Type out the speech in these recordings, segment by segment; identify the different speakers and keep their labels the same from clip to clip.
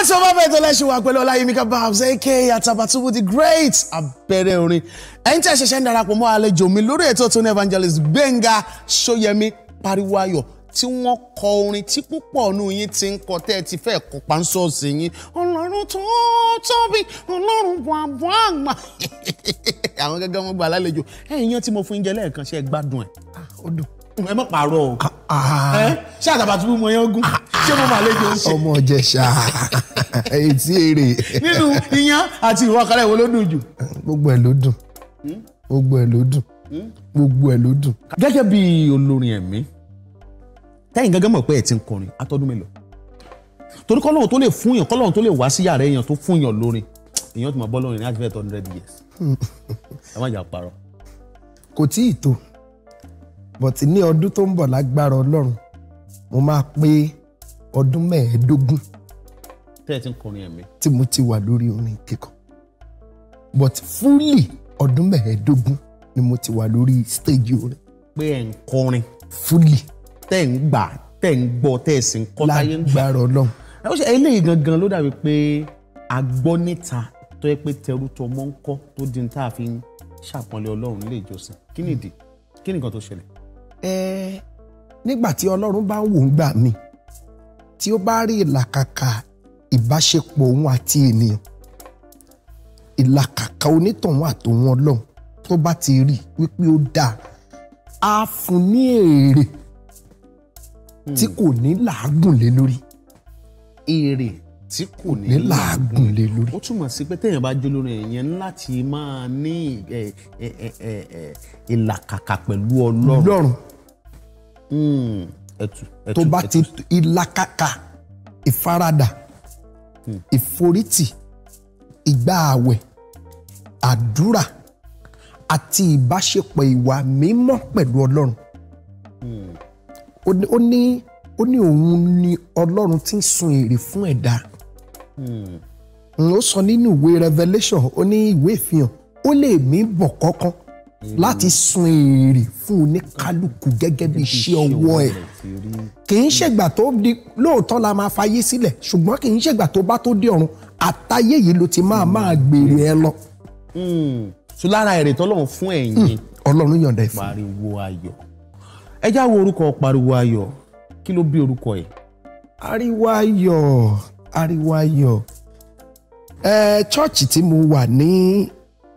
Speaker 1: ètò bàbá ètò lẹ́sìn wà pẹ̀lú ọláyímíkà babs aka àtàbàtúbù the great abẹ́rẹ́ orin ẹ̀yin tẹ́ ṣẹ̀ṣẹ̀ ń darapọ̀ mọ́ àlejò mi lórí ètò tó ní evangelist gbẹ̀ngà sóyẹmí pariwayọ̀ tí wọ́n kọ orin tí púpọ̀ nù yín ti ń kọ tẹ́ ẹ ti fẹ́ kọ pánsọ́ọ̀sì yín ọlọ́run tó tóbi ọlọ́run bàbá àgbà àwọn gẹ́gẹ́ wọn gbà lálejò ẹ̀yin tí mo fún Eh? ṣé àtàbàtúbú mọ yẹn ogún ṣé mo máa lẹ́jọ́ ṣe. ọmọ Ìjẹ̀ṣà etí èrè. nínú iyán àti ìwọkàlẹ̀ wo ló dùn jù. gbogbo ẹ̀ ló dùn hmm? gbogbo ẹ̀ ló dùn hmm? gbogbo ẹ̀ ló dùn. gẹ́gẹ́ bí olórin ẹ̀mí tẹ́yìn gẹ́gẹ́ mọ̀ pé ẹ̀ ti ń kọrin atọ́dún mélòó torí kọ́lọ́hún tó lè fún yàn kọ́lọ́hún tó lè wá sí yàrá èèyàn tó fún yàn lórin èèyàn ti mọ̀ bọ́ lórin ní advert hundred years ẹ má jà parọ́. kò tí ì tó but ní ọdún tó ń bọ̀ lágbára ọlọ́run mo máa pé ọdún mẹ́ẹ̀ẹ́dógún tí mo ti wà lórí orin kíkọ but fully ọdún mẹ́ẹ̀ẹ́dógún ni mo ti wà lórí stage orin. pé ẹ̀ ń kọrin. fully. tẹ́ ń gbà tẹ́ ń gbọ́ tẹ́ sì ń kọ́ táyé ń gbà. lágbára ọlọ́run. àwọn ṣe eléyìí gangan ló dàbí pé agbọ́ níta tó yẹ pé tẹrú tó ọmọ ń kọ́ tó di ní tá a fi ń ṣàpọ́nlé ọlọ́run nílé ìjọsìn kí nìkan tó ṣẹlẹ̀ ẹ nígbà tí Ọlọ́run bá ń wò ń gbà mí tí ó bá rí ìlàkàkà ìbáṣepọ̀ òun àti ènìyàn ìlàkàkà onítọ̀hún àtòun Ọlọ́run tó bá ti rí wípé ó dáa á fún ní èrè hmm. tí kò ní làágùn lé lórí. èrè tí kò ní làágùn lé lórí. ó túmọ̀ sí pé téèyàn bá jólórin èèyàn láti máa ní ìlàkàkà pẹ̀lú Ọlọ́run ẹtù ẹtù tó bá ti ilakaka, ìfaradà hmm. ìforítì ìgbà àwẹ̀ àdúrà àti ìbáṣepọ̀ ìwà mímọ́ pẹ̀lú ọlọ́run hmm. ó ní ó ní òun ni ọlọ́run ti ń sun èrè fún ẹ̀dá hmm. ó sọ nínú ìwé Revelation ó ní ìwé ìfihàn ó lè mí bọ̀ kọ́kọ́ láti sun èrè fún oníkálukú gẹ́gẹ́ bí iṣẹ́ ọwọ́ ẹ̀ kì í ṣègbà tó di lóòótọ́ la máa fayé sílẹ̀ ṣùgbọ́n kì í ṣègbà tó bá tó dé ọ̀run àtayé yìí ló ti máa máa gbèrè ẹ lọ. so lára èrè tọ́lọ́run fún ẹ̀yin hmm, ọlọ́run yọ̀ǹda ẹ̀ fún pariwo ayọ̀ ẹ já wo orúkọ pariwo ayọ̀ kí ló bí orúkọ ẹ̀. ariwo ayọ̀ ariwo ayọ̀ ẹ ṣọ́ọ̀ṣì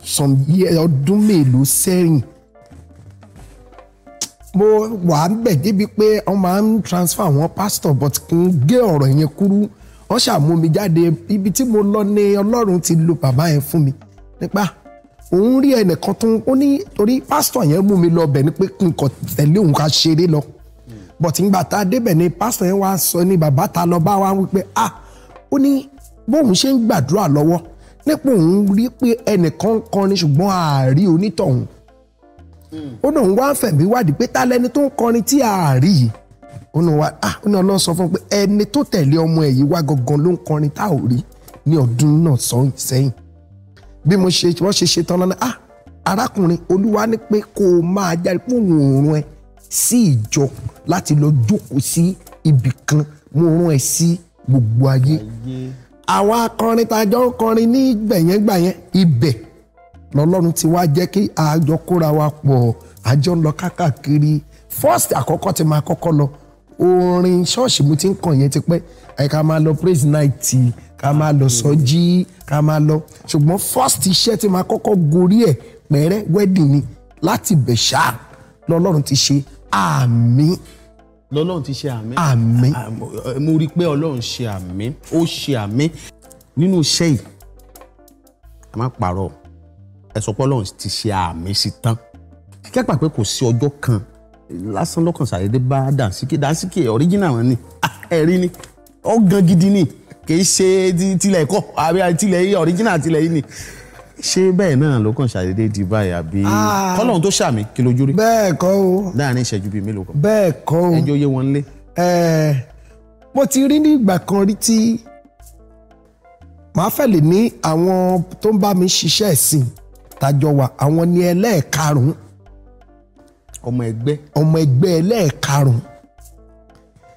Speaker 1: some years ọdún mélòó sẹ́yìn mo wà á bẹ̀ débi pé wọ́n máa ń transfer wọn pastor but kì í gé ọ̀rọ̀ yẹn kúrú wọ́n ṣàmú mi jáde ibi tí mo lọ ni ọlọ́run ti lo bàbá yẹn fún mi nípa òun rí ẹnìkan tó ń ó ní torí pásítọ̀ yẹn mú mi lọ bẹ̀ ni pé nǹkan tẹ̀lé òun ká ṣeré lọ bọ̀tí ńgbà tá a débẹ̀ ni pásítọ̀ yẹn wá sọ ni bàbá ta lọ bá wa wípé ah ó ní bóun ṣe ń gbàdúrà lọ́wọ́ nípò òun rí pé ẹnìkan kọrin ṣùgbọ́n ààrí onítọ̀hún ó náà wá ń fẹ̀mí wádìí pé tálẹ́ni tó ń kọrin tí ààrí yìí ó náà wá ah ó náà lọ sọ fún un pé ẹni tó tẹ̀lé ọmọ ẹ̀ yìí wá gangan ló ń kọrin tá ò rí ní ọdún náà sẹ́yìn bí mo ṣe wọ́n ṣe ṣe tán lọ́nà ah arákùnrin olúwa ní pé kó o máa jáde pé òun rán ẹ sí ìjọ láti lọ jókòó sí ibì kan mo rán ẹ sí gbogbo ayé. ayé àwọn akọrin tá a jọ ń kọrin ní gbẹ̀yẹ́gbẹ̀yẹ́ ibẹ̀ lọ́lọ́run ti wá jẹ́ kí àjọ kóra wa pọ̀ àjọ ń lọ káàkiri first àkọ́kọ́ ti máa kọ́kọ́ lọ orin ṣọ́ọ̀ṣì mo ti ń kàn yẹn ti pẹ́ ká máa lọ praise night ká máa lọ sọ́jí ká máa lọ ṣùgbọ́n first iṣẹ́ ti máa kọ́kọ́ gorí ẹ̀ pẹ̀rẹ́ wedding ni láti bẹ̀ ṣáà lọ́lọ́run ti ṣe àmì. Ah, lọ́lọ́run ti ṣe àmì. àmì. Ah, eh, mo rí i pé ọlọ́run ṣe àmì ó ṣe àmì nínú iṣẹ́ yìí ẹ má pààrọ̀ ẹ sọ pé ọlọ́run ti ṣe àmì sí tán kẹ́pà pé kò sí ọjọ́ kan lásán lọ́kàn ṣàdédé bá Dansiki Dansiki ọ̀ríjìnà wọn ni ah, ẹ̀rí ni ọ̀gán gidi ni kì í ṣe tilẹ̀ kọ́ àbí tilẹ̀ ọ̀ríjìnà tilẹ̀ yìí ni ṣé bẹ́ẹ̀ náà ló kàn ṣàdédé di báyìí àbí ah. kọ́lọ́n tó ṣàmì kí lójú rí. bẹ́ẹ̀ kọ́ o. láàrin ìṣẹ́jú bíi mélòó kan. bẹ́ẹ̀ kọ́ o. ẹjọ́ yé wọn lé. mo ti rí ní ìgbà kan rí tí màá fẹ́ lè ní àwọn tó ń bá mi ṣiṣẹ́ ẹ̀sìn tàjọ wà àwọn ni ẹlẹ́ẹ̀karùn-ún. ọmọ ẹgbẹ́. ọmọ ẹgbẹ́ ẹlẹ́ẹ̀karùn-ún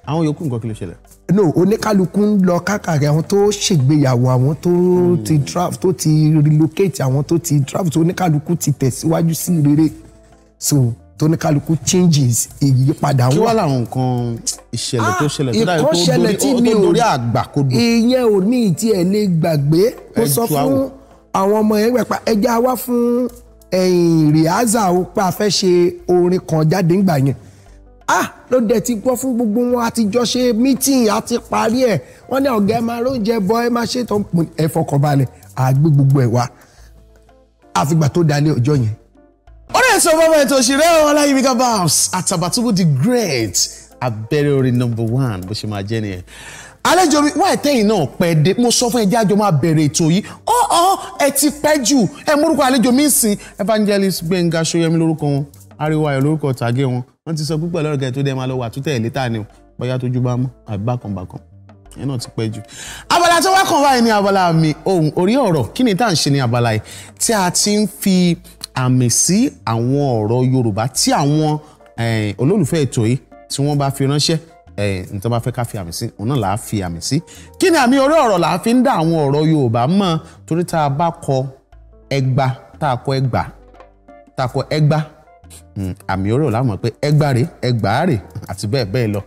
Speaker 1: àwọn yòókù nǹkan kí ló ṣẹlẹ̀. no oníkálukú ń lọ káàkiri àwọn tó ṣègbéyàwó àwọn tó hmm. ti draft tó ti relocate àwọn tó ti draft oníkálukú ti tẹ̀síwájú sí rere so tóníkálukú changes ìyípadà wọn. kí wàá làwọn nǹkan ìṣẹ̀lẹ̀ tó ah, ṣẹlẹ̀ tó dáa tó dórí àgbà kó dùn. ìyẹn ò ní ìtí ẹ̀ lè gbàgbé ó sọ fún àwọn ọmọ ẹgbẹ́ pa ẹja wá fún ẹ̀yìn rìhásà ó pa fẹ́ ṣe orin kan jáde ńgbà yẹn ah ló dẹ̀ ti gbọ́ fún gbogbo wọn àti jọ ṣe mítìn àti parí ẹ̀ wọ́n ní ọ̀gá ẹ máa lóúnjẹ bọ ẹ máa ṣètò ẹ fọkànbalẹ̀ àgbé gbogbo ẹ̀ wá àfìgbà tó dalẹ̀ ọjọ́ yẹn. ó lè sọ fọmọ ètò òṣèré Ọláyími Kabau Àtàbàtúbú the great abẹ́rẹ́ orin number one bó ṣe máa jẹ́ nìyẹn àlejò mi wá ẹ̀tẹ́yìn náà pẹ́ dé mo sọ fún ẹ jẹ́ àjọ máa bẹ̀rẹ̀ ètò yìí ọ̀ oh, ọ̀ oh, ẹ ti pẹ́ jù ẹ mórúkọ àlejò mi ń sìn evangelist Gbẹ́ngà Ṣóyẹmí lórúkọ wọn Ariwo Ayọ̀ lórúkọ tàgé wọn wọ́n ti sọ púpọ̀ lọ́rọ̀ kẹ́ẹ̀ tó dẹ́ máa lọ wà tútẹ̀ létà ni o bóyá tójú bá mọ́ àbí bákan bákan ìyẹn náà ti pẹ́ jù. abala tó wá kàn wáyé ní abala mi ohun orí ọ̀rọ̀ kí ni tá à ń ṣe ní abala yìí tí a ti ń fi àmì sí àwọn ọ̀rọ̀ Yorùbá tí àwọn olólùfẹ́ ètò yìí tí wọ́n bá fi ránṣẹ́ nǹkan bá fẹ́ ká fi àmì sí òun náà là á fi àmì sí kí ni àmì orí ọ̀rọ̀ là á fi ń dá àwọn ọ̀rọ̀ Yorùbá mọ̀ torí tá a bá kọ ẹgba tá a kọ ẹgba tá a kọ ẹgba Hmm, àmì orò la mọ̀ pé ẹgbàre ẹgbàárè àti bẹ́ẹ̀ bẹ́ẹ̀ lọ.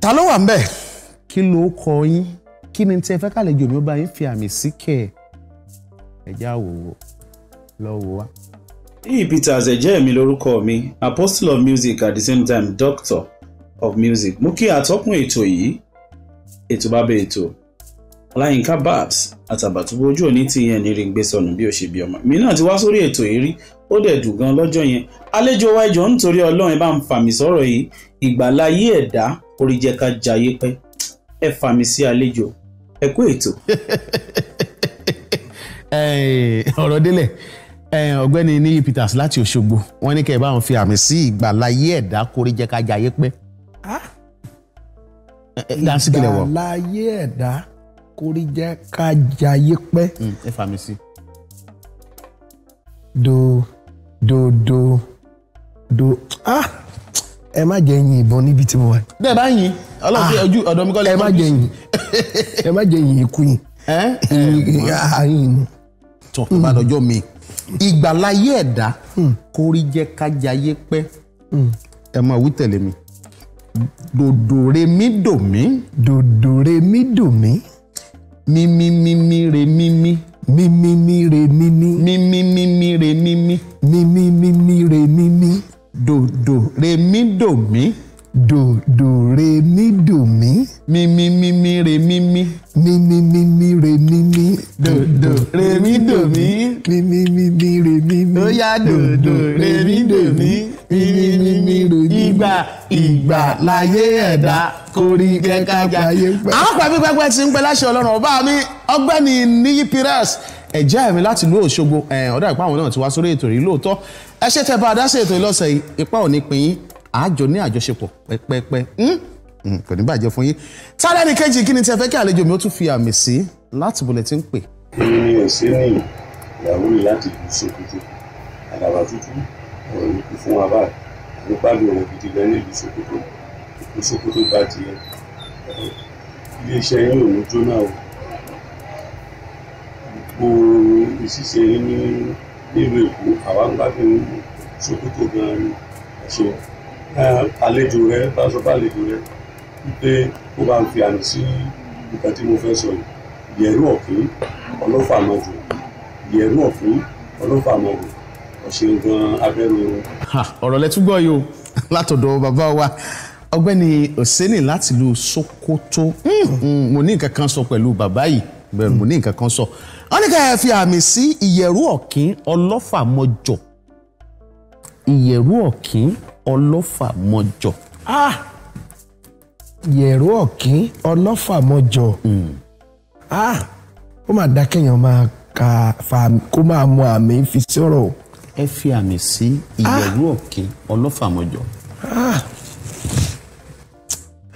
Speaker 1: ta ló wà ń bẹ̀ kí ló kọ yín kí ni tí ẹ fẹ́ kálẹ̀ jòmí ọba yín fi àmì sí kẹ̀ ẹ̀já wòwò lọ́wọ́ wa. E. Peters ẹ̀jẹ̀ mi lórúkọ mi apostle of music at the same time doctor of music mú kí àtọ́kùn ètò yìí ètò bá bẹ ètò Ọláyínká Babs àtàbàtúbú ojú òní ti yẹn ní rí gbé sọnù bí ó ṣe bí ọmọ mi náà ti wá sórí ètò yìí rí ó dẹ̀ dùn gan lọ́jọ́ yẹn àlejò wa ìjọ nítorí ọlọ́run ẹ bá ń fàmì sọ̀rọ̀ yìí ìgbàláyé ẹ̀dá orí jẹ́ ká jayé pẹ́ ẹ fàmì sí àlejò ẹ kú ètò. ọ̀rọ̀ délẹ̀ ọ̀gbẹ́ni níyì Peters láti Òṣogbo wọ́n ní kẹ́ ẹ bá wọn fi àmì sí ìgbàláyé ẹ̀dá orí jẹ́ ká jayé pẹ́. ìgbàláyé ẹ̀dá orí jẹ́ ká jayé pẹ́. ẹ fàmì sí. do dodo do ah ẹ má jẹ yin ìbọn níbi tí mo wà. bẹ́ẹ̀ bá yin ọlọ́run ah, ojú ọ̀dọ̀ mi kọ́ lè kọ́ ẹ má jẹ yin ah, ẹ má jẹ yin ikú yin ayin ni. tó o bá dọjọ́ mi hmm. ìgbàláyé ẹ̀dá hmm. kórí jẹ́ kájayé pẹ́ hmm. ẹ máa wí tẹ̀lé mi dòdòrè mi dò mí. dòdòrè mi dò mí mímímímí re mímí. mímímí re mímí. mímímímí re mímí. mímímímí re mímí. dòdò re mí dò mí. dòdò re mí dò mí. mímímímí re mímí. mímímímí re mímí. dòdò re mí dò mí. mímímímí re mímí. ó yá dòdò re mí dò mí. mímímímí re mímí. ìgbà ìgbà láyé ẹ̀dá kórí kẹ́kẹ́ gbáyé pẹ́. àwọn pẹ̀lú pẹ́pẹ́ ti ń pẹ́ láṣẹ ọlọ́run ọba mi ọgbẹ́ni níyí pírẹ́s ẹ̀jẹ̀ mi láti ìlú Òṣogbo ọ̀dà ìpá náà ti wá sórí ètò yìí lóòótọ́ ẹ ṣe tẹ bá a dá sí ètò yìí yìí ipá ò ní pín yín àjọ ní àjọṣepọ̀ pẹ́pẹ́pẹ́ hmm? hmm, kò ní bàjẹ́ fún yín tálẹ́nì kejì kí ni tí ẹ fẹ́ kí àlejò mi ó tún fi àmì sí láti bọ̀lẹ̀ tí ń pè. èmi ò sí ní ìyàwó mi láti ìlú àdàbà tútù ọ̀rọ̀ yìí kú fún wa báyìí mo bá lu òun gidi gan nílùú Sokoto ìpín Sokoto bá tiẹ̀ iléeṣẹ́ yín ò ní jóná o gbogbo ìṣiṣẹ́ yín ní nílùú Èkó àwa ń gbádùn Sokoto gan ni ṣe àlejò rẹ bá sọ bá àlejò rẹ wípé ó bá ń fi àmì sí nǹkan tí mo fẹ́ sọ yìí yẹ̀rú ọ̀fìn ọlọ́fà mọ̀jù yẹ̀rú ọ̀fìn ọlọ́fà mọ̀jù ṣeun gan abẹ́rù. ọ̀rọ̀ lẹ́tún gbọ́ yìí o látọ̀dọ̀ bàbá wa ọ̀gbẹ́ni Oseni láti ìlú Sokoto hmm, mo ní nǹkan kan sọ pẹ̀lú bàbá yìí bẹ́ẹ̀ mo ní nǹkan kan sọ wọ́n ní ká ẹ fi àmì sí ìyẹ̀rú ọ̀kín ọlọ́fà mọ́jọ̀ ìyẹ̀rú ọ̀kín ọlọ́fà mọ́jọ̀. Ah! ìyẹ̀rú ọ̀kín ọlọ́fà mọ́jọ̀ hmm. ah! ó mà dá máa ka fa kó máa mọ àmì fi sọ̀rọ̀ o ẹ fi àmì sí ìyẹ̀wò ah! òkè ọlọ́fàmọ́jọ. Ah!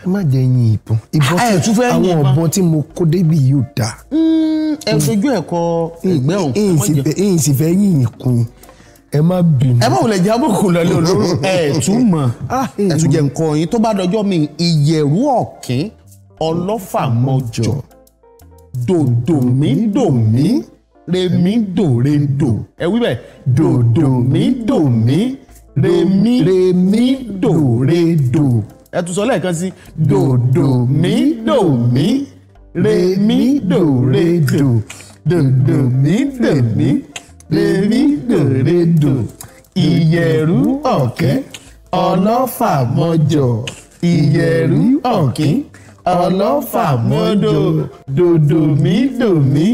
Speaker 1: ẹ má jẹ yin ìbọn ìbọn ah, tí àwọn ọ̀bọ̀n tí mo kó débi yóò dá. Hmm, ẹ sojú hmm. ẹ̀kọ́ ẹgbẹ́ òkú mọ́jọ. èyí sì fẹ́ yìnyín kun ẹ má bínú. ẹ má wulẹ̀ jẹ́ àbùkù lọ́lẹ́ olóró ẹ̀ tún mọ̀ ẹ̀ tún jẹ́ nǹkan yín tó bá dọjọ́ mi ìyẹ̀rú ọ̀kín ọlọ́fàmọ́jọ dòdòmídòmí. Do, do, mi, do, remi do do. ẹ wí do do mi do mi remi remi do do. ẹ tún sọ lẹ́ẹ̀kan sí do mi do mi remi do rendo do. mi do mi remi do rendo ìyẹ̀rú ọ̀kẹ́ ọlọ́fà mọ́jọ ìyẹ̀rú ọ̀kín ọlọ́fà mọ́jọ dòdò mi dò mi. Do, do, mi, do, mi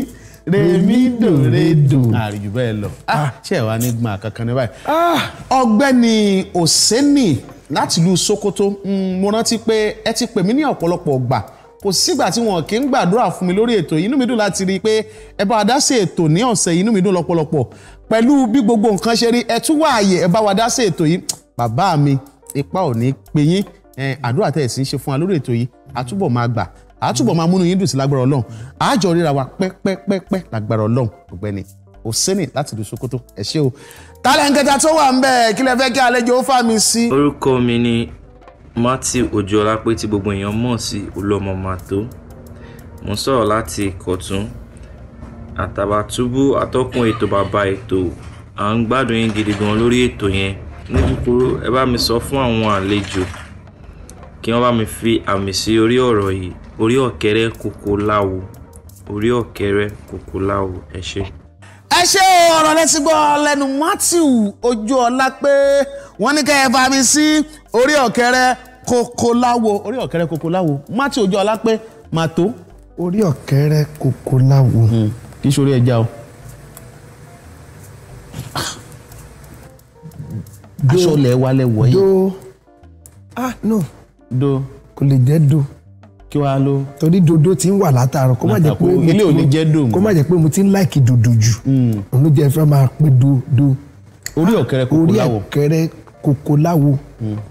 Speaker 1: rèmi dòrèdò àrùjù bẹ́ẹ̀ lọ ah. Ah, ṣé ẹ̀ wá ní gbọ̀n kankan ní báyìí. Ah. ọ̀gbẹ́ni Oseni láti ìlú Sokoto hmm, mo rántí pé ẹ ti pè mí ní ọ̀pọ̀lọpọ̀ ọgbà kò sígbà tí wọn kì í gbàdúrà fún mi lórí ètò inú mi dùn láti rí i pé ẹ bá wa dá sí ètò ní ọ̀sẹ̀ inú mi dùn lọ́pọ̀lọpọ̀ pẹ̀lú bí gbogbo nǹkan ṣe rí ẹ tún wá àyè ẹ bá wa dá sí ètò yìí bàbá mi ipá ò ní pé yín àdúrà tẹ̀ sí ṣe fún wa lórí ètò yìí àtúbọ̀ máa gbà àtúbọ̀ máa múnú yín dùn sí lágbára ọlọ́run àjọ ríra wa pẹ́pẹ́pẹ́pẹ́ lágbára ọlọ́run ọ̀gbẹ́ni Oseni láti ìlú Sokoto ẹ ṣé o tálẹ̀ǹkẹta tó wà ń bẹ̀ kí lẹ fẹ́ kí àlejò ó fà mí sí. orúkọ mi ni Matthew Ojúọlápé tí gbogbo èèyàn mọ̀ sí olómọ màtó mo ń sọ̀rọ̀ láti Kọ̀tún Àtàbàtúbú atọ́kùn ètò bàbá ètò à ń gbádùn yín gidi gan lórí ètò yẹn ní kúkúrú ẹ bá mi sọ fún àwọn àlejò kí wọ́n bá mi fi àmì sí orí ọ̀rọ̀ yìí orí ọ̀kẹ́rẹ́ kòkó láwo orí ọ̀kẹ́rẹ́ kòkó láwo ẹ ṣé. ẹ ṣé ọ̀rọ̀ lẹ́tí gbọ́ lẹ́nu Matthew Ojúọlá pé wọ́n ní kẹ́ ẹ mi sí orí ọ̀kẹ́rẹ́ kòkó láwo orí ọ̀kẹ́rẹ́ kòkó láwo Matthew Ojúọlá pé màtó. orí ọ̀kẹ́rẹ́ kòkó láwo. Hmm. kì í ṣe orí ẹja o. aṣọ lẹ̀ wa lẹ̀ do ah no do. kò lè jẹ́ do. kí wàá ló. torí dodo ti ń wà látàárọ̀ kó má jẹ́ pé ilé ò ní jẹ́ do mọ́ kó má jẹ́ pé mo ti ń láìkì dòdò jù. Hmm. òun ló jẹ́ máa pe do do. orí ọ̀kẹ́rẹ́ kòkó láwo. orí ọ̀kẹ́rẹ́ kòkó